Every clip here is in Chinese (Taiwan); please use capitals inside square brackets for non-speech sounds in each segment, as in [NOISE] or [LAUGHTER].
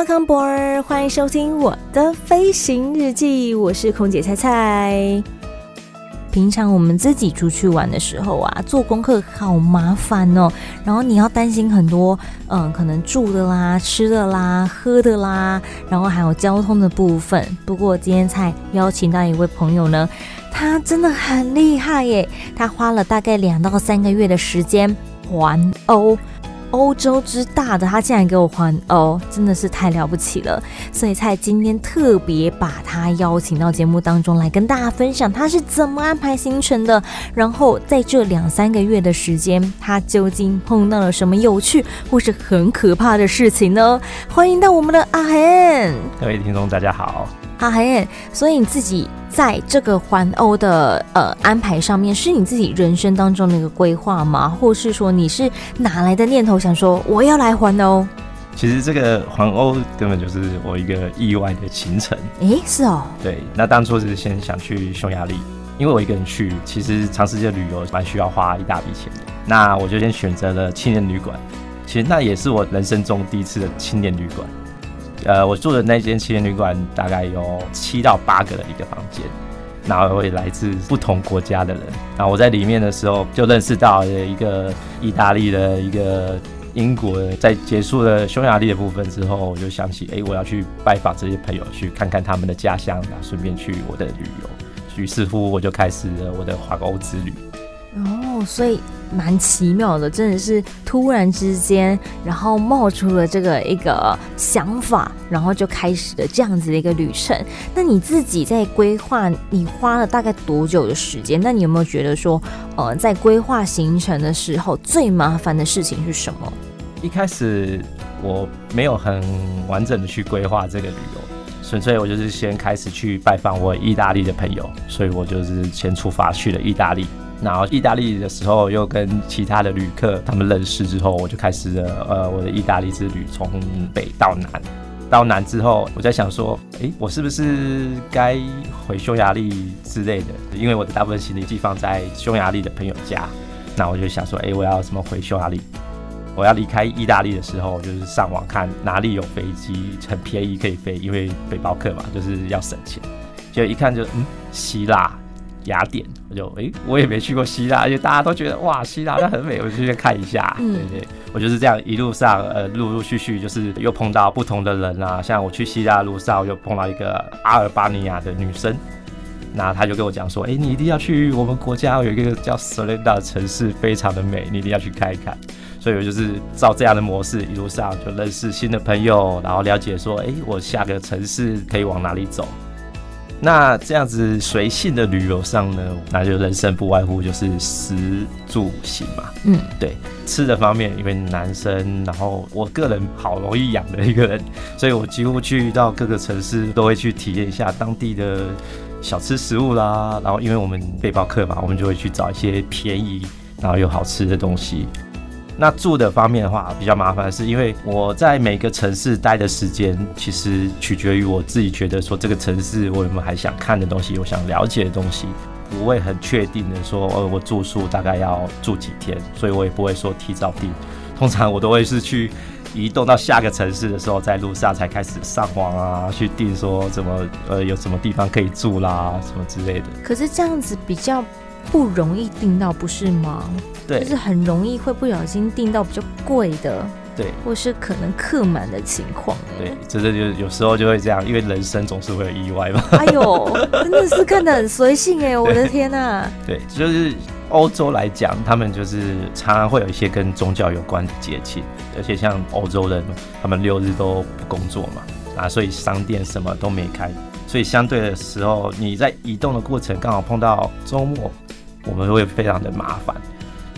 Welcome Board, 歡迎收聽我的飛行日記，我是空姐菜菜。平常我們自己出去玩的時候啊，做功課好麻煩哦，然後你要擔心很多，嗯、呃，可能住的啦、吃的啦、喝的啦，然後還有交通的部分。不過今天菜邀請到一位朋友呢，他真的很厲害耶，他花了大概兩到三個月的時間環歐。歐洲之大的他竟然給我環歐，哦，真的是太了不起了！所以菜今天特別把他邀請到節目當中來，跟大家分享他是怎麼安排行程的。然後在這兩三個月的時間，他究竟碰到了什麼有趣或是很可怕的事情呢？歡迎到我們的阿賢，各位聽眾，大家好。好，韓燕，所以你自己在這個環歐的呃安排上面，是你自己人生當中的一個規劃嗎？或是說你是哪來的念頭想說，我要來環歐？其實這個環歐根本就是我一個意外的行程。誒、欸，是哦。對，那當初是先想去匈牙利，因為我一個人去，其實長時間旅遊蠻需要花一大筆錢的。那我就先選擇了青年旅館，其實那也是我人生中第一次的青年旅館。呃，我住的那間青年旅館大概有七到八個的一個房間，然後也來自不同國家的人。然後我在裡面的時候，就認識到一個意大利的一個英國。在結束了匈牙利的部分之後，我就想起，誒、欸，我要去拜訪這些朋友，去看看他們的家鄉，然後順便去我的旅遊。於是乎，我就開始了我的環歐之旅。哦、oh, so，所以。蠻奇妙的，真的是突然之間，然後冒出了這個一個想法，然後就開始了這樣子的一個旅程。那你自己在規劃，你花了大概多久的時間？那你有沒有覺得說，呃，在規劃行程的時候，最麻煩的事情是什麼？一開始我沒有很完整的去規劃這個旅遊，純粹我就是先開始去拜訪我意大利的朋友，所以我就是先出發去了意大利。然後意大利的時候，又跟其他的旅客他們認識之後，我就開始了呃我的意大利之旅，從北到南，到南之後，我在想說，誒，我是不是該回匈牙利之類的？因為我的大部分行李寄放在匈牙利的朋友家，那我就想說，誒，我要怎麼回匈牙利？我要離開意大利的時候，就是上網看哪裡有飛機很便宜可以飛，因為背包客嘛，就是要省錢。結果一看就嗯，希臘。雅典，我就哎、欸，我也沒去過希臘，而且大家都覺得哇，希臘它很美，我就先看一下，對，對對。我就是這樣一路上，呃，陸陸續續就是又碰到不同的人啊。像我去希臘路上，我就碰到一個阿爾巴尼亞的女生，那她就跟我講說，哎、欸，你一定要去我們國家有一個叫 Solinda 的城市，非常的美，你一定要去看一看。所以我就是照這樣的模式，一路上就認識新的朋友，然後了解說，哎、欸，我下個城市可以往哪裡走。那這樣子隨性的旅遊上呢，那就人生不外乎就是食住行嘛。嗯，對，吃的方面，因為男生，然後我個人好容易養的一個人，所以我幾乎去到各個城市都會去體驗一下當地的小吃食物啦。然後，因為我們背包客嘛，我們就會去找一些便宜然後又好吃的東西。那住的方面的話比較麻煩，是因為我在每個城市待的時間其實取決於我自己覺得說這個城市我有沒有還想看的東西，我想了解的東西，不會很確定的說，呃，我住宿大概要住幾天，所以我也不會說提早訂。通常我都會是去移動到下個城市的時候，在路上才開始上網啊，去訂說怎麼，呃，有什麼地方可以住啦，什麼之類的。可是這樣子比較。不容易訂到，不是嗎？對，就是很容易會不小心訂到比較貴的，對，或是可能客滿的情況、欸。對，這就就是、有時候就會這樣，因為人生總是會有意外嘛。 [LAUGHS] 哎呦，真的是看得很隨性哎、欸， [LAUGHS] 對我的天哪、啊！對，就是歐洲來講，他們就是常常會有一些跟宗教有關的節慶，而且像歐洲人，他們六日都不工作嘛。所以商店什麼都沒開，所以相對的時候，你在移動的過程剛好碰到周末，我們會非常的麻煩。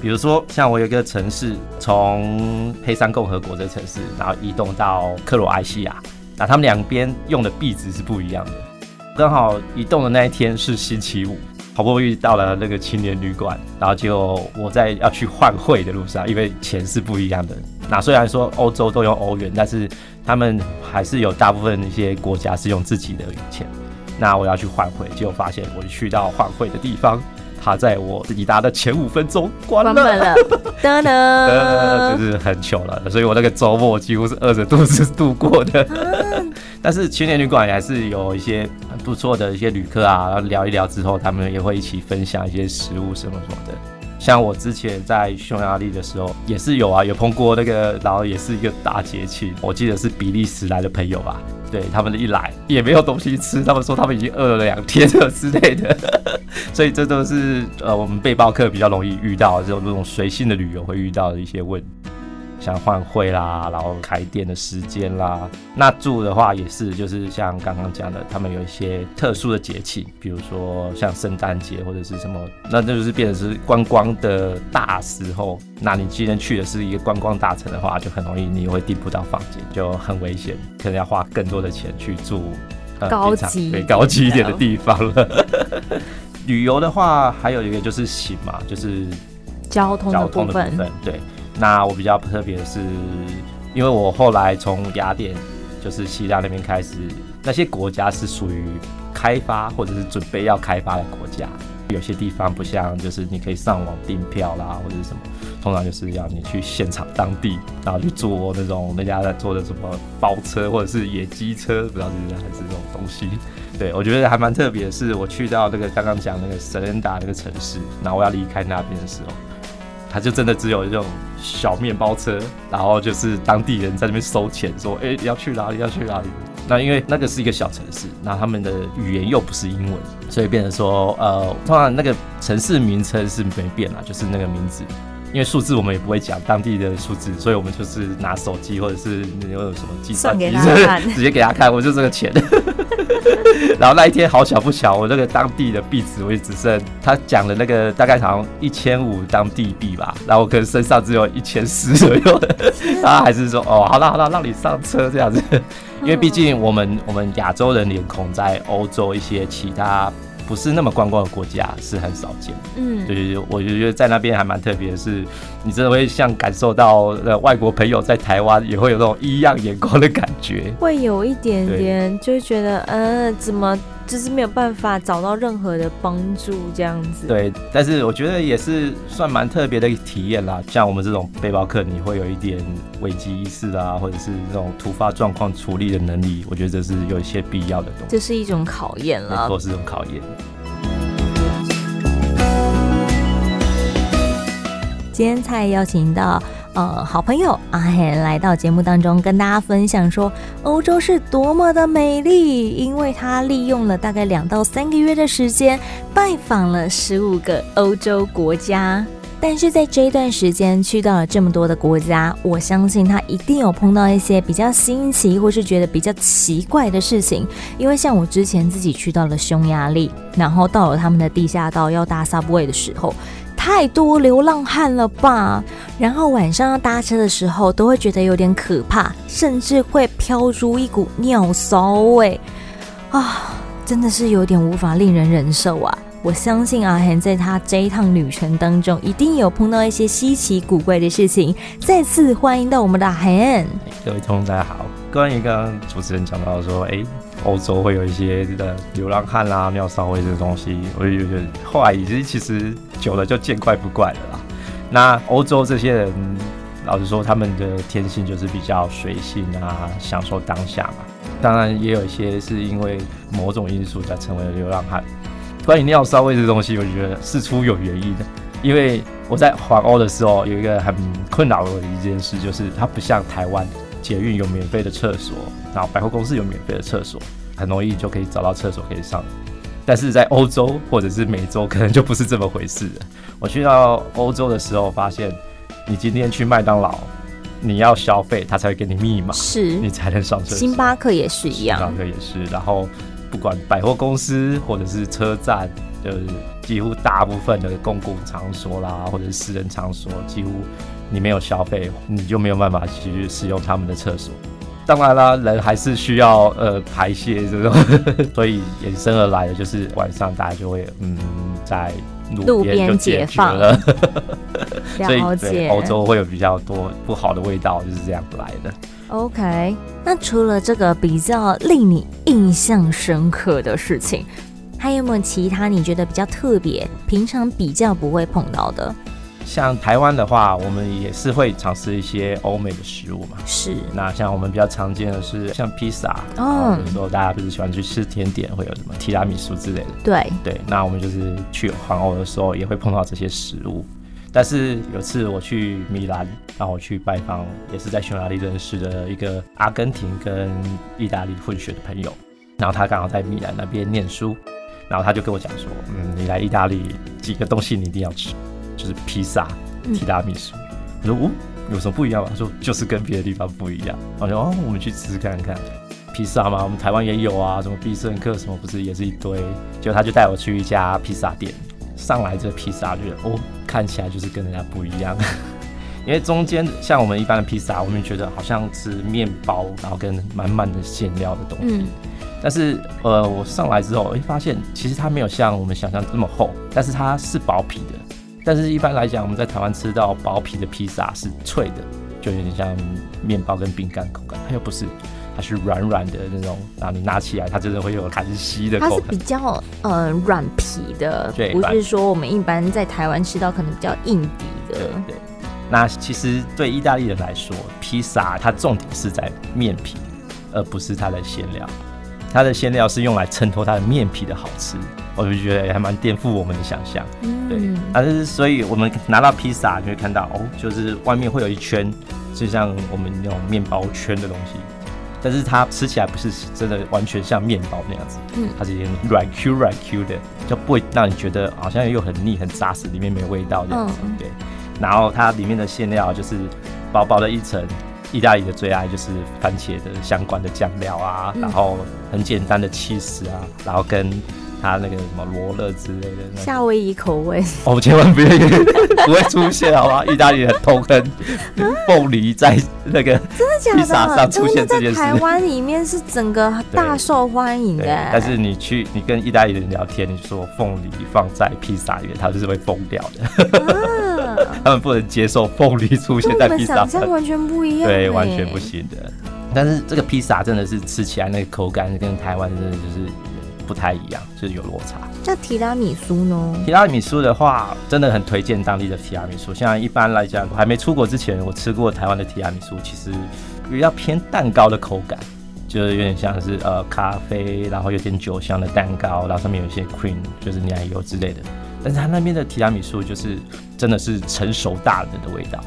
比如說，像我有一個城市，從黑山共和國的城市，然後移動到克羅埃西亞，那他們兩邊用的幣值是不一樣的，剛好移動的那一天是星期五。好不容易到了那個青年旅館，然後就我在要去換匯的路上，因為錢是不一樣的。那雖然說歐洲都用歐元，但是他們還是有大部分一些國家是用自己的錢。那我要去換匯，結果發現我去到換匯的地方，它在我抵達的前五分鐘關門了，了噠噠、呃，就是很糗了。所以我那個周末幾乎是餓着肚子度過的。啊但是青年旅館也還是有一些很不錯的一些旅客啊，然後，聊一聊之後，他們也會一起分享一些食物什麼什麼的。像我之前在匈牙利的時候也是有啊，有碰過那個，然後也是一個大節慶，我記得是比利時來的朋友吧，對他們的一來也沒有東西吃，他們說他們已經餓了兩天了之類的， [LAUGHS] 所以這都是呃我們背包客比較容易遇到的，這種那種隨性的旅遊會遇到的一些問題。像換匯啦，然後開店的時間啦，那住的話也是，就是像剛剛講的，他們有一些特殊的節氣，比如說像聖誕節或者是什麼，那那就是變成是觀光的大時候。那你既然去的是一個觀光大城的話，就很容易你也會訂不到房間，就很危險，可能要花更多的錢去住，呃、高級常，對高級一點的地方了。 [LAUGHS] 旅遊的話，還有一個就是行嘛，就是交通交通的部分，對。那我比較特別的是，因為我後來從雅典，就是希臘那邊開始，那些國家是屬於開發或者是準備要開發的國家，有些地方不像，就是你可以上網訂票啦，或者是什麼，通常就是要你去現場當地，然後去坐那種人家在坐的什麼包車或者是野雞車，不知道是不是還是這種東西。對我覺得還蠻特別的是，我去到那個剛剛講那個薩蘭達那個城市，然後我要離開那邊的時候。他就真的只有這種小麵包車，然後就是當地人在那邊收錢，說：“哎、欸，你要去哪裡？要去哪裡？”那因為那個是一個小城市，那他們的語言又不是英文，所以變成說：“呃，通常那個城市名稱是沒變啦，就是那個名字。因為數字我們也不會講當地的數字，所以我們就是拿手機或者是你有，有什麼計算機 [LAUGHS] 直接給他看，我就這個錢。 [LAUGHS] ” [LAUGHS] 然後那一天好巧不巧，我那個當地的幣值，我也只剩他講了那個大概好像一千五當地幣吧。然後我可能身上只有一千四左右的的， [LAUGHS] 他還是說哦，好啦好啦，讓你上車這樣子。 [LAUGHS] 因為畢竟我們我們亞洲人臉孔在歐洲一些其他。不是那麼觀光的國家是很少見的，嗯，就是我就覺得在那邊還蠻特別的，是，你真的會像感受到外國朋友在台灣也會有那種異樣眼光的感覺，會有一點點，就覺得，嗯對、呃，怎麼？就是沒有辦法找到任何的幫助，這樣子。對，但是我覺得也是算蠻特別的一體驗啦。像我們這種背包客，你會有一點危機意識啊，或者是這種突發狀況處理的能力，我覺得這是有一些必要的東西。這是一種考驗啦，沒錯，都是種考驗。今天菜邀請到。呃，好朋友阿賢、啊、來到節目當中，跟大家分享說歐洲是多麼的美麗，因為他利用了大概兩到三個月的時間，拜訪了十五個歐洲國家。但是在這一段時間去到了這麼多的國家，我相信他一定有碰到一些比較新奇或是覺得比較奇怪的事情。因為像我之前自己去到了匈牙利，然後到了他們的地下道要搭 subway 的時候。太多流浪漢了吧？然後晚上要搭車的時候，都會覺得有點可怕，甚至會飄出一股尿騷味啊！真的是有點無法令人忍受啊！我相信阿賢在他這一趟旅程當中，一定有碰到一些稀奇古怪的事情。再次歡迎到我們的阿賢，各位同學大家好。關於剛剛主持人講到說，哎。歐洲會有一些這個流浪漢啊，尿騷味這個東西，我就覺得、就是、後來已經其實久了就見怪不怪了啦。那歐洲這些人，老實說，他們的天性就是比較隨性啊，享受當下嘛。當然，也有一些是因為某種因素才成為了流浪漢。關於尿騷味這個東西，我覺得事出有原因的，因為我在環歐的時候，有一個很困擾我的一件事，就是它不像台灣。捷運有免費的廁所，然後百貨公司有免費的廁所，很容易就可以找到廁所可以上。但是在歐洲或者是美洲，可能就不是這麼回事。我去到歐洲的時候，我發現你今天去麥當勞，你要消費，他才會給你密碼，是你才能上廁所。星巴克也是一樣，星巴克也是。然後不管百貨公司或者是車站，就是幾乎大部分的公共場所啦，或者是私人場所，幾乎。你沒有消費，你就沒有辦法去使用他們的廁所。當然啦，人還是需要呃排泄這種，是是 [LAUGHS] 所以衍生而來的就是晚上大家就會嗯在路邊解，解放 [LAUGHS] 了解。所以歐洲會有比較多不好的味道，就是這樣來的。OK，那除了這個比較令你印象深刻的事情，還有沒有其他你覺得比較特別、平常比較不會碰到的？像台灣的話，我們也是會嘗試一些歐美的食物嘛。是。那像我們比較常見的是像披薩，嗯，比有時候大家不是喜歡去吃甜點，會有什麼提拉米蘇之類的。對。對。那我們就是去環歐的時候，也會碰到這些食物。但是有一次我去米蘭，然後我去拜訪，也是在匈牙利認識的一個阿根廷跟意大利混血的朋友，然後他剛好在米蘭那邊念書，然後他就跟我講說：“嗯，你來意大利幾個東西你一定要吃。”就是披薩，提拉米蘇。嗯、我說哦，有什麼不一樣嗎？我說就是跟別的地方不一樣。我說哦，我們去吃看看。披薩嘛，我們台灣也有啊，什麼必勝客什麼不，不是也是一堆。結果他就帶我去一家披薩店，上來這披薩就覺得哦，看起來就是跟人家不一樣。 [LAUGHS] 因為中間像我們一般的披薩，我們覺得好像是麵包，然後跟滿滿的餡料的東西。嗯、但是呃，我上來之後，哎，發現其實它沒有像我們想象的那麼厚，但是它是薄皮的。但是，一般來講，我們在台灣吃到薄皮的披薩是脆的，就有點像麵包跟餅乾口感。它又不是，它是軟軟的那種，然後你拿起來，它真的會有卡其西的口感。它是比較嗯，呃，軟皮的，對不是說我們一般在台灣吃到可能比較硬底的。對，對，對，那其實對意大利人來說，披薩它重點是在麵皮，而不是它的餡料。它的餡料是用來襯托它的麵皮的好吃。我就覺得也還蠻顛覆我們的想象對，但、嗯啊就是所以我們拿到披薩你就會看到哦，就是外面會有一圈，就像我們那種麵包圈的東西，但是它吃起來不是真的完全像麵包那樣子，嗯，它是一些軟 Q 軟 Q 的，就不會讓你覺得好像又很膩很紮實，裡面沒有味道這樣子，嗯、對。然後它裡面的餡料就是薄薄的一層，意大利的最愛就是番茄的相關的醬料啊，嗯、然後很簡單的起司啊，然後跟他那個什麼羅勒之類的，夏威夷口味哦，千萬不要， [LAUGHS] 不會出現好嗎？意 [LAUGHS] 大利人很痛恨鳳梨在那個披薩、啊、上出現，這件事情、啊、在台灣裡面是整個大受歡迎的、欸。但是你去你跟意大利人聊天，你說鳳梨放在披薩裡面，他就是會崩掉的， [LAUGHS] 啊、他們不能接受鳳梨出現在披薩上，像完全不一樣，對，完全不行的。但是這個披薩真的是吃起來那個口感跟台灣真的就是。不太一樣，就是有落差。那提拉米蘇呢？提拉米蘇的話，真的很推薦當地的提拉米蘇。像一般來講，我還沒出國之前，我吃過台灣的提拉米蘇，其實比較偏蛋糕的口感，就是有點像是呃咖啡，然後有點酒香的蛋糕，然後上面有一些 cream，就是奶油之類的。但是他那邊的提拉米蘇就是真的是成熟大人的，的味道。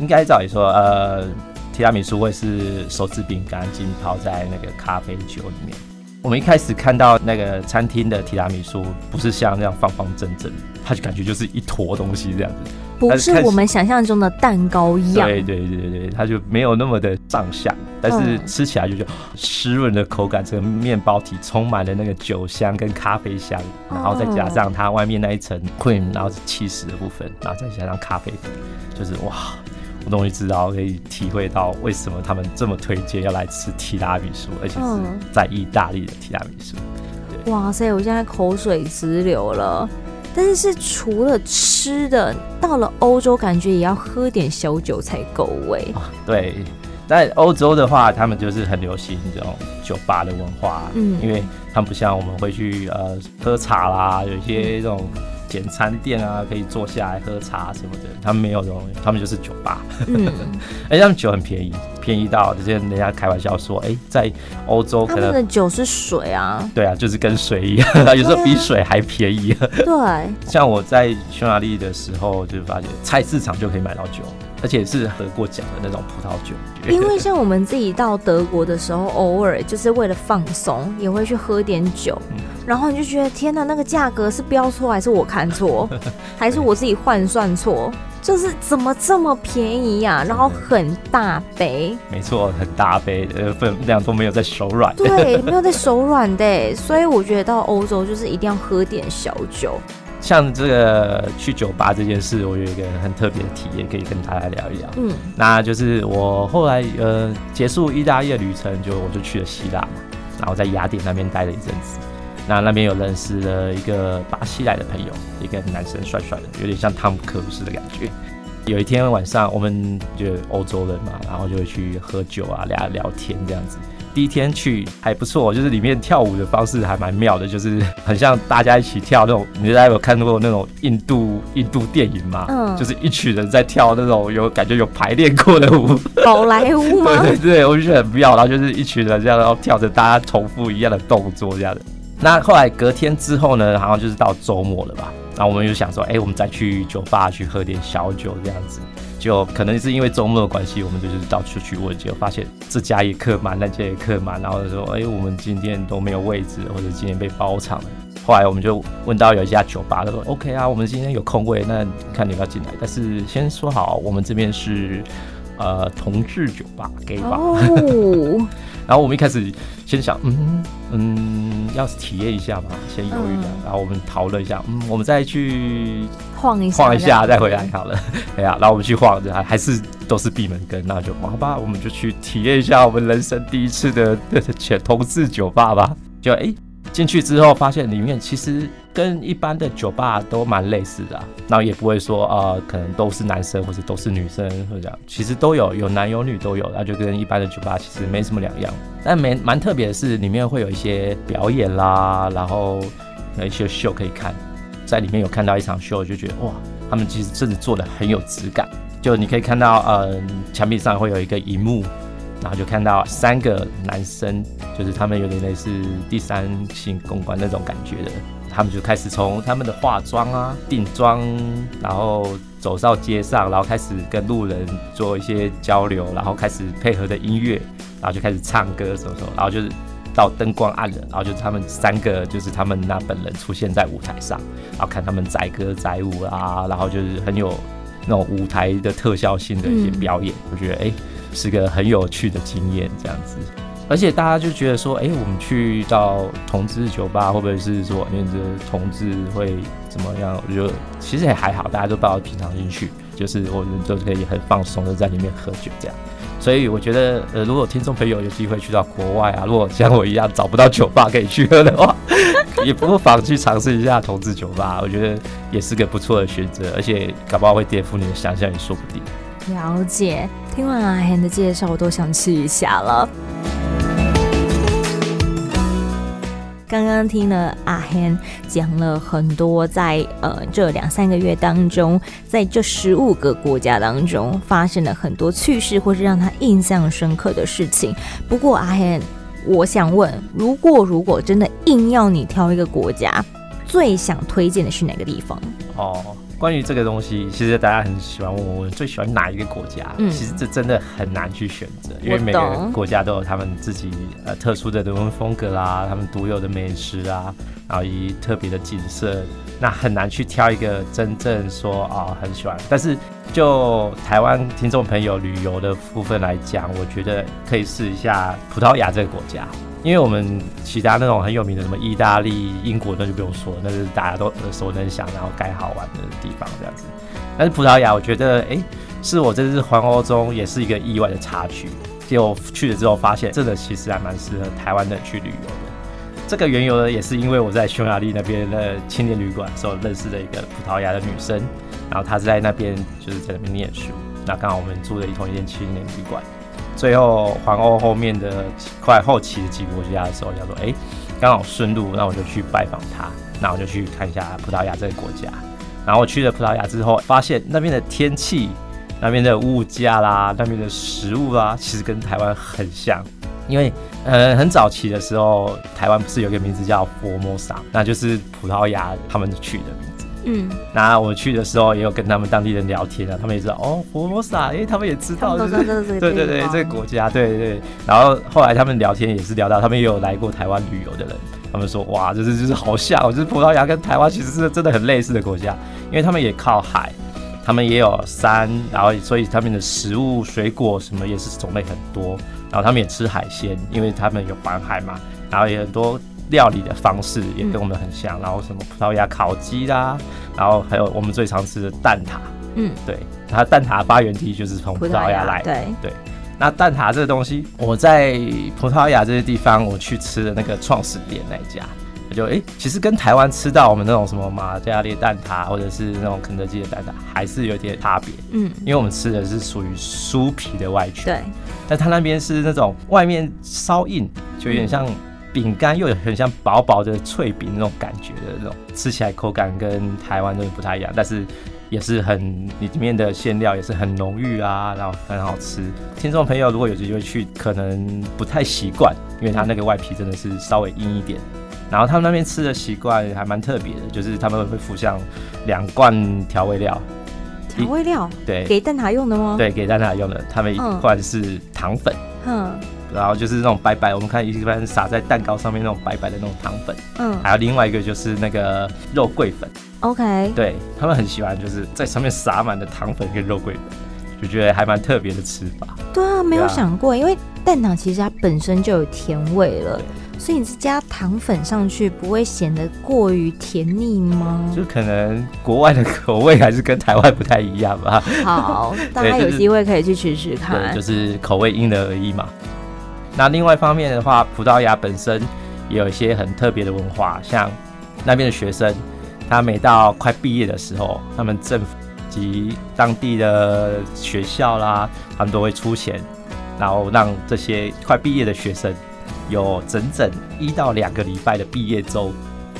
應該照理說，呃，提拉米蘇會是手指餅乾浸泡在那個咖啡酒裡面。我們一開始看到那個餐廳的提拉米蘇，不是像那樣方方正正，它就感覺就是一坨東西這樣子，不是我們想象中的蛋糕一樣。對對對對，它就沒有那麼的上相，但是吃起來就濕潤的口感，這個麵包體充滿了那個酒香跟咖啡香，然後再加上它外面那一層 cream，然後是起司的部分，然後再加上咖啡，就是哇。我終於知道可以體會到為什麼他們這麼推薦要來吃提拉米蘇，而且是在意大利的提拉米蘇。對，哇塞，我現在口水直流了。但是，是除了吃的，到了歐洲感覺也要喝點小酒才夠味。對，在歐洲的話，他們就是很流行這種酒吧的文化，嗯，因為他們不像我們會去呃喝茶啦，有一些這種。簡餐店啊，可以坐下來喝茶什、啊、麼的，他們沒有這種，他們就是酒吧。哎、嗯欸，他們酒很便宜，便宜到之前人家開玩笑說，哎、欸，在歐洲可能他們的酒是水啊。對啊，就是跟水一樣，啊、有時候比水還便宜。對、啊， [LAUGHS] 像我在匈牙利的時候，就發現菜市場就可以買到酒。而且是得過獎的那種葡萄酒，因為像我們自己到德國的時候， [LAUGHS] 偶爾就是為了放鬆，也會去喝點酒。嗯、然後你就覺得天哪，那個價格是標錯，還是我看錯， [LAUGHS] 對還是我自己換算錯？就是怎麼這麼便宜呀？啊？然後很大杯，沒錯，很大杯。呃，分量都沒有在手軟， [LAUGHS] 對，沒有在手軟的。所以我覺得到歐洲就是一定要喝點小酒。像這個去酒吧這件事，我有一個很特別的體驗，可以跟大家聊一聊。嗯，那就是我後來呃結束意大利的旅程，就我就去了希臘嘛，然後在雅典那邊待了一陣子。那那邊有認識了一個巴西來的朋友，一個男生帥帥的，有點像湯姆克魯斯的感覺。有一天晚上，我們就歐洲人嘛，然後就會去喝酒啊，聊聊天這樣子。第一天去還不錯，就是裡面跳舞的方式還蠻妙的，就是很像大家一起跳那種。你大家有看過那種印度印度電影嗎？嗯，就是一群人在跳那種有感覺有排練過的舞，寶萊塢嗎？ [LAUGHS] 對對，我就覺得很妙。然後就是一群人這樣然後跳着大家重複一樣的動作這樣的。那後來隔天之後呢，好像就是到週末了吧。然後我們就想說，哎、欸，我們再去酒吧去喝點小酒這樣子。就可能是因為周末的關係，我們就，就是到處去問，就發現這家也客滿，那家也客滿，然後就說，哎、欸，我們今天都沒有位置，或者今天被包場了。後來我們就問到有一家酒吧，他說 OK 啊，我們今天有空位，那看你要不要進來，但是先說好，我們這邊是呃同志酒吧，Gay 吧。Oh. 然後我們一開始先想，嗯嗯，要是體驗一下嘛，先猶豫一下。嗯、然後我們討論一下，嗯，我們再去晃一下，晃一下再回來好了。哎呀，然後我們去晃着，還是都是閉門羹，那就好吧，我們就去體驗一下我們人生第一次的且 [LAUGHS] 同志酒吧吧。就哎，進去之後發現裡面其實。跟一般的酒吧都蠻類似的。啊，然後也不會說啊、呃，可能都是男生或者都是女生，或者這樣，其實都有，有男有女都有，那就跟一般的酒吧其實沒什麼兩樣。但蠻蠻特別的是，裡面會有一些表演啦，然後有一些秀可以看，在裡面有看到一場秀，就覺得哇，他們其實真的做得很有質感。就你可以看到嗯呃、牆壁上會有一個熒幕，然後就看到三個男生，就是他們有點類似第三性公關那種感覺的。他們就開始從他們的化妝啊、定妝，然後走到街上，然後開始跟路人做一些交流，然後開始配合的音樂，然後就開始唱歌什麼什麼，然後就是到燈光暗了，然後就是他們三個就是他們那本人出現在舞台上，然後看他們載歌載舞啊，然後就是很有那種舞台的特效性的一些表演，嗯、我覺得哎是個很有趣的經驗這樣子。而且大家就覺得說，哎、欸，我們去到同志酒吧會不會是說，你覺得同志會怎麼樣？我覺得其實也還好，大家都把要平常心進去，就是我們都可以很放鬆的在裡面喝酒這樣。所以我覺得，呃，如果聽眾朋友有機會去到國外啊，如果像我一樣找不到酒吧可以去喝的話， [LAUGHS] 也不妨去嘗試一下同志酒吧，我覺得也是個不錯的選擇，而且搞不好會顛覆你的想象也說不定。了解，聽完阿、啊、賢的介紹，我都想試一下了。剛剛聽了阿賢講了很多在，在呃這兩三個月當中，在這十五個國家當中，發生了很多趣事或是讓他印象深刻的事情。不過阿賢，我想問，如果如果真的硬要你挑一個國家，最想推薦的是哪個地方？哦。關於這個東西，其實大家很喜歡問我，我最喜歡哪一個國家。嗯，其實這真的很難去選擇，懂因為每個國家都有他們自己呃特殊的人文風格啦，他們獨有的美食啊。然後以特別的景色，那很難去挑一個真正說啊、哦、很喜歡。但是就台灣聽眾朋友旅遊的部分來講，我覺得可以試一下葡萄牙這個國家，因為我們其他那種很有名的什麼意大利、英國，那就不用說，那是大家都耳熟能詳，然後該好玩的地方這樣子。但是葡萄牙，我覺得哎，是我這次環歐中也是一個意外的插曲，結果我去了之後發現，這個其實還蠻適合台灣人去旅遊。這個緣由呢，也是因為我在匈牙利那邊的青年旅館的時候認識的一個葡萄牙的女生，然後她是在那邊就是在那邊念書，那剛好我們住了一同一間青年旅館。最後，環歐後面的快後期的幾個國家的時候，叫做哎，剛好順路，那我就去拜訪她，那我就去看一下葡萄牙這個國家。然後我去了葡萄牙之後，發現那邊的天氣、那邊的物價啦、那邊的食物啦，其實跟台灣很像。因為呃很早期的時候，台灣不是有個名字叫福爾摩莎，那就是葡萄牙他們取的名字。嗯，那我去的時候也有跟他們當地人聊天啊，他們也知道哦福爾摩莎，哎、欸、他們也知道，就是就是，對對對這個國家，對，對對。然後後來他們聊天也是聊到，他們也有來過台灣旅遊的人，他們說哇就是就是好像，就是葡萄牙跟台灣其實是真的很類似的國家，因為他們也靠海。他們也有山，然後所以他們的食物、水果什麼也是種類很多。然後他們也吃海鮮，因為他們有環海嘛。然後也很多料理的方式也跟我們很像。嗯、然後什麼葡萄牙烤雞啦，然後還有我們最常吃的蛋撻。嗯，對，它蛋撻發源地就是從葡萄牙來的，葡萄牙。對，對，那蛋撻這個東西，我在葡萄牙這些地方我去吃的那個創始點那家。就哎、欸，其實跟台灣吃到我們那種什麼瑪家烈蛋撻，或者是那種肯德基的蛋撻，還是有點差別。嗯，因為我們吃的是屬於酥皮的外圈，對。但它那邊是那種外面稍硬，就有點像餅乾，又很像薄薄的脆餅那種感覺的那種，吃起來口感跟台灣都不太一樣。但是也是很裡面的餡料也是很濃郁啊，然後很好吃。聽眾朋友如果有機會去，可能不太習慣，因為它那個外皮真的是稍微硬一點。然後他們那邊吃的習慣還蠻特別的，就是他們會附上兩罐調味料。調味料？對，對，給蛋撻用的嗎？對，給蛋撻用的。他們一罐是糖粉，嗯，然後就是那種白白，我們看一般撒在蛋糕上面那種白白的那種糖粉，嗯，還有另外一個就是那個肉桂粉。OK 對。對他們很喜歡就是在上面撒滿的糖粉跟肉桂粉，就覺得還蠻特別的吃法。對啊，對啊，沒有想過，因為蛋撻其實它本身就有甜味了。所以你是加糖粉上去，不會顯得過於甜膩嗎？就可能國外的口味還是跟台灣不太一樣吧。 [LAUGHS] 好， [LAUGHS] 對大家有機會可以去試試看。就是，就是口味因人而異嘛。那另外一方面的話，葡萄牙本身也有一些很特別的文化，像那邊的學生，他每到快畢業的時候，他們政府及當地的學校啦，他們都會出錢，然後讓這些快畢業的學生。有整整一到兩個禮拜的畢業周，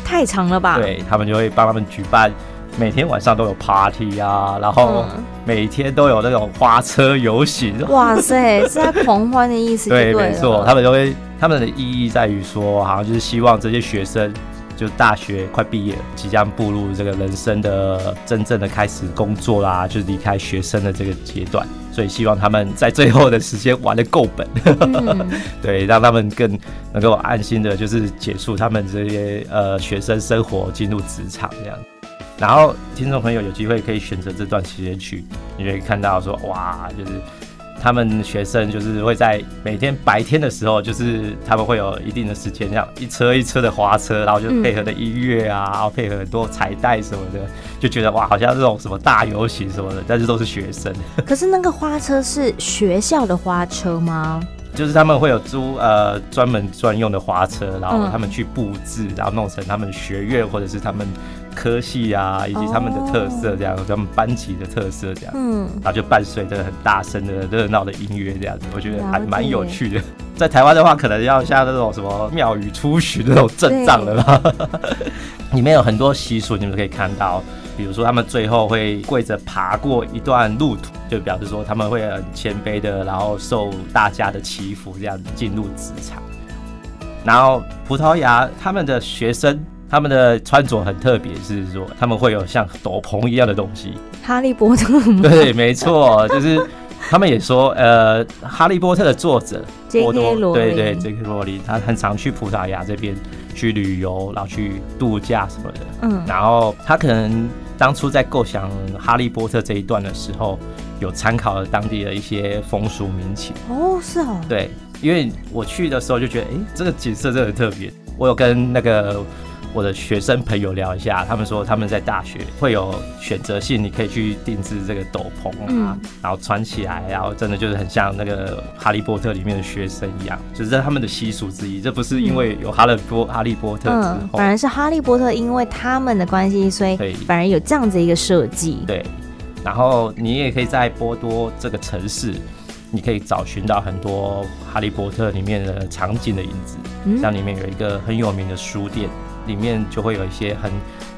太長了吧？對，他們就會幫他們舉辦，每天晚上都有 party 啊，然後每天都有那種花車遊行。嗯、 [LAUGHS] 哇塞，是在狂歡的意思就對了？對，沒錯，他們就會，他們的意義在於說，好像就是希望這些學生就大學快畢業，即將步入這個人生的真正的開始工作啦、啊，就是離開學生的這個階段。所以希望他們在最後的時間玩得夠本。嗯， [LAUGHS] 對，讓他們更能夠安心的，就是結束他們這些呃學生生活，進入職場這樣。然後聽眾朋友有機會可以選擇這段時間去，你可以看到說哇，就是。他們學生就是會在每天白天的時候，就是他們會有一定的時間，這樣一車一車的花車，然後就配合的音樂啊，然後配合很多彩帶什麼的，就覺得哇，好像這種什麼大遊行什麼的，但是都是學生。可是那個花車是學校的花車嗎？就是他們會有租呃專門專用的花車，然後他們去佈置，然後弄成他們學院或者是他們。科系啊，以及他們的特色，這樣，oh. 他們班級的特色，這樣，hmm. 然後就伴隨着很大聲的熱鬧的音樂，這樣子，我覺得還蠻有趣的。解在台灣的話，可能要像那種什麼廟宇出巡的那種陣仗了吧。對 [LAUGHS] 裡面有很多習俗，你們可以看到，比如說他們最後會跪着爬過一段路途，就表示說他們會很謙卑的，然後受大家的祈福，這樣進入職場。然後葡萄牙他們的學生。他們的穿着很特別，是,是說他們會有像斗篷一樣的東西。哈利波特嗎？對，沒錯，就是 [LAUGHS] 他們也說，呃，哈利波特的作者 J.K. 羅多對對對 J.K. 羅裡，他很常去葡萄牙這邊去旅遊，然後去度假什麼的。嗯，然後他可能當初在構想哈利波特這一段的時候，有參考了當地的一些風俗民情。哦，是哦，對，因為我去的時候就覺得，哎、欸，這個景色真的很特別。我有跟那個。我的學生朋友聊一下，他們說他們在大學會有選擇性，你可以去定制這個斗篷啊，嗯、然後穿起來，然後真的就是很像那個哈利波特裡面的學生一樣，就是在他們的習俗之一。這不是因為有哈利波、嗯、哈利波特之後，後、嗯嗯，反而是哈利波特因為他們的關係，所以對，反而有這樣子一個設計對。對，然後你也可以在波多這個城市，你可以找尋到很多哈利波特裡面的場景的影子，嗯、像裡面有一個很有名的書店。裡面就會有一些很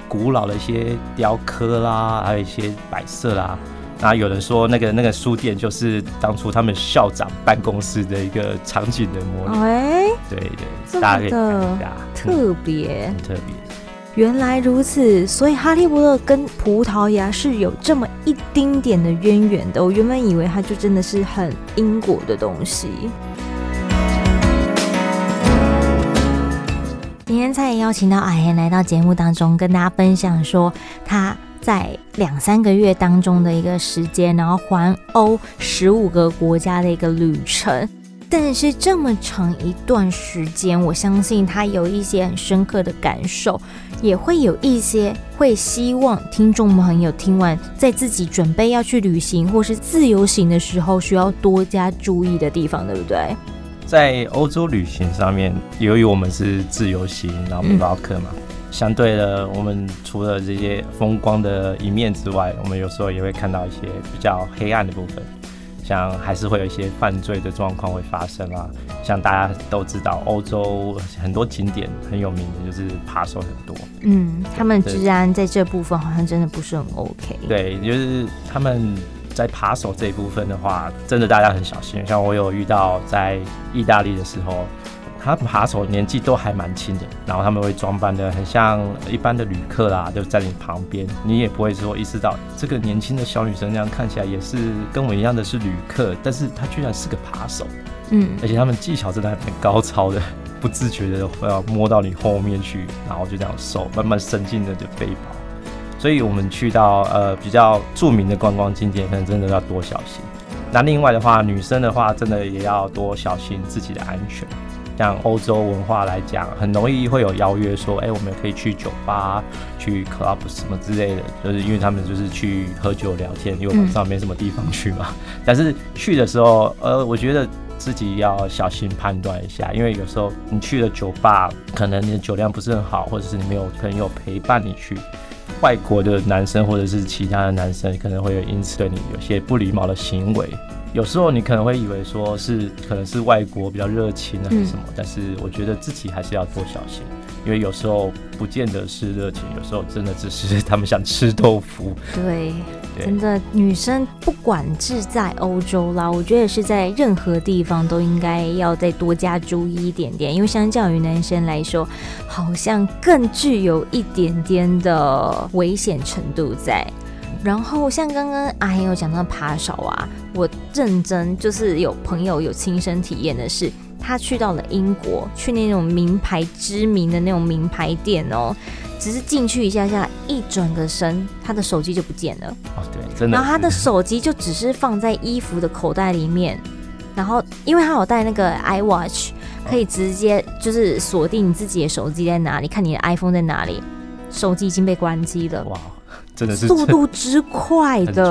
古老的一些雕刻啦，還有一些擺設啦。那有人說，那個那個書店就是當初他們校長辦公室的一個場景的模擬。哎、欸，對，對對，這個大家可以看一下，特別，嗯、特別。原來如此，所以哈利波特跟葡萄牙是有這麼一丁點的淵源的。我原本以為它就真的是很英國的東西。今天菜邀請到阿賢來到節目當中，跟大家分享說他在兩三個月當中的一個時間，然後環歐十五個國家的一個旅程。但是這麼長一段時間，我相信他有一些很深刻的感受，也會有一些會希望聽眾朋友聽完，在自己準備要去旅行或是自由行的時候，需要多加注意的地方，對不對？在歐洲旅行上面，由於我們是自由行，然後背包客嘛，嗯、相對的，我們除了這些風光的一面之外，我們有時候也會看到一些比較黑暗的部分，像還是會有一些犯罪的狀況會發生啊。像大家都知道，歐洲很多景點很有名的就是扒手很多。嗯，對他們治安在這部分好像真的不是很 OK。對，就是他們。在扒手這一部分的話，真的大家很小心。像我有遇到在意大利的時候，他扒手年紀都還蠻輕的，然後他們會裝扮得很像一般的旅客啦，就在你旁邊，你也不會說意識到這個年輕的小女生這樣看起來也是跟我一樣的是旅客，但是她居然是個扒手。嗯，而且他們技巧真的還很高超的，不自覺的會要摸到你後面去，然後就這樣手慢慢伸進你的就背包。所以，我們去到呃比較著名的觀光景點，可能真的要多小心。那另外的話，女生的話，真的也要多小心自己的安全。像歐洲文化來講，很容易會有邀約，說：“哎、欸，我們可以去酒吧、去 club 什麼之類的。”就是因為他們就是去喝酒聊天，因為晚上沒什麼地方去嘛。嗯、但是去的時候，呃，我覺得自己要小心判斷一下，因為有時候你去了酒吧，可能你的酒量不是很好，或者是你沒有朋友陪伴你去。外國的男生或者是其他的男生可能會因此對你有些不禮貌的行為，有時候你可能會以為說是可能是外國比較熱情啊什麼，嗯。但是我覺得自己還是要多小心，因為有時候不見得是熱情，有時候真的只是他們想吃豆腐。對。真的，女生不管是在歐洲啦，我覺得是在任何地方都應該要再多加注意一點點，因為相較於男生來說，好像更具有一點點的危險程度在。然後像剛剛阿賢有講到扒手啊，我認真就是有朋友有親身體驗的是，他去到了英國，去那種名牌知名的那種名牌店哦，只是進去一下下。一轉個身，他的手機就不見了。哦，對，真的。然後他的手機就只是放在衣服的口袋裡面，然後因為他有帶那個 iWatch，可以直接就是鎖定你自己的手機在哪裡，看你的 iPhone 在哪裡。手機已經被關機了。哇速度之快的，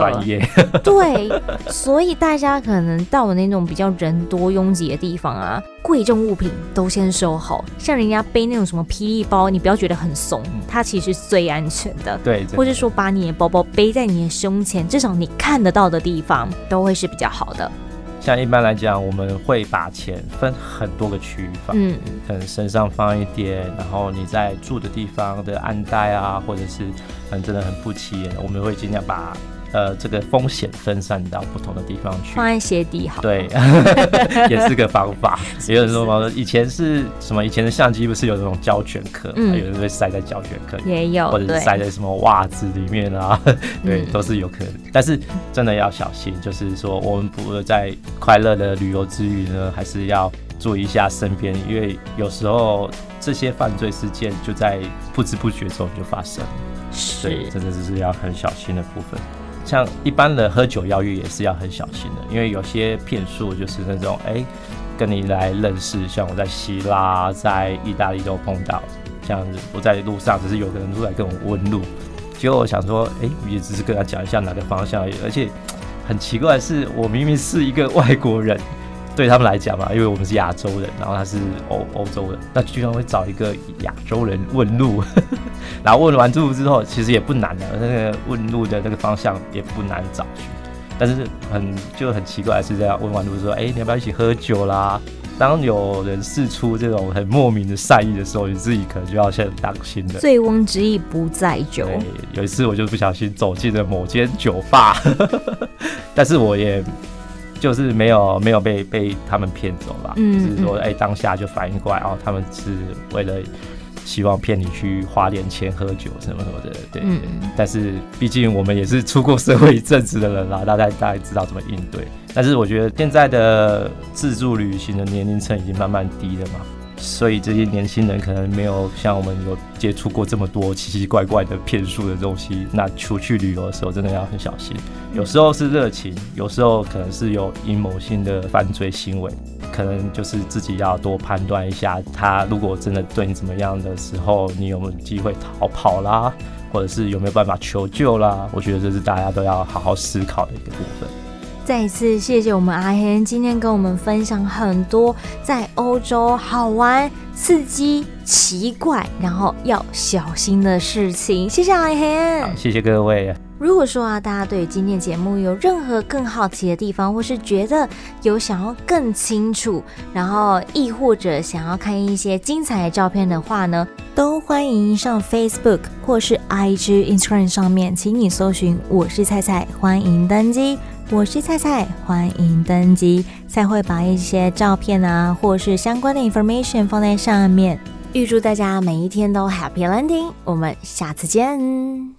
專對，所以大家可能到了那種比較人多擁擠的地方啊，貴重物品都先收好。像人家背那種什麼霹靂包，你不要覺得很慫，它其實是最安全的。對，或者說把你的包包背在你的胸前，至少你看得到的地方都會是比較好的。像一般來講，我們會把錢分很多個區域放，嗯，可能身上放一點，然後你在住的地方的暗袋啊，或者是嗯，真的很不起眼，我們會盡量把。呃，這個風險分散到不同的地方去，放在鞋底好，對， [LAUGHS] 也是個方法。 [LAUGHS] 是是也有人說，以前是什麼？以前，以前的相機不是有那種膠卷殼，嗯啊，有人會塞在膠卷殼，也有，或者塞在什麼襪子裡面啊，對，嗯、對，都是有可能。但是真的要小心，就是說，我們不在快樂的旅遊之餘呢，還是要注意一下身邊，因為有時候這些犯罪事件就在不知不覺中就發生。是，真的就是要很小心的部分。像一般的喝酒邀約也是要很小心的，因為有些騙術就是那種哎，跟你來認識，像我在希臘、在意大利都碰到，像我在路上只是有個人出來跟我問路，結果我想說哎，也只是跟他講一下哪個方向而已，而且很奇怪的是我明明是一個外國人，對他們來講嘛，因為我們是亞洲人，然後他是歐歐洲人，那居然會找一個亞洲人問路。呵呵然後問完路之後，其實也不難的，那個問路的那個方向也不難找去，但是很就很奇怪，是這樣問完路之後，“哎、欸，你要不要一起喝酒啦？”當有人釋出這種很莫名的善意的時候，你自己可能就要先當心的。醉翁之意不在酒。有一次我就不小心走進了某間酒吧， [LAUGHS] 但是我也就是沒有沒有被被他們騙走吧，嗯嗯就是說哎、欸，當下就反應過來哦，他們是為了。希望騙你去花點錢喝酒什麼什麼的，對。嗯、但是畢竟我們也是出過社會一陣子的人啦，大概大概知道怎麼應對。但是我覺得現在的自助旅行的年齡層已經慢慢低了嘛，所以這些年輕人可能沒有像我們有接觸過這麼多奇奇怪怪的騙術的東西。那出去旅遊的時候真的要很小心，有時候是熱情，有時候可能是有陰謀性的犯罪行為。可能就是自己要多判斷一下，他如果真的對你怎麼樣的時候，你有沒有機會逃跑啦，或者是有沒有辦法求救啦？我覺得這是大家都要好好思考的一個部分。再一次謝謝我們阿賢，今天跟我們分享很多在歐洲好玩、刺激、奇怪，然後要小心的事情。謝謝阿賢，謝謝各位。如果說啊，大家對於今天節目有任何更好奇的地方，或是覺得有想要更清楚，然後亦或者想要看一些精彩的照片的話呢，都歡迎上 Facebook 或是 IG、Instagram 上面，請你搜尋“我是菜菜”，歡迎登機。我是菜菜，歡迎登機，菜會把一些照片啊，或是相關的 information 放在上面。預祝大家每一天都 Happy Landing，我們下次見。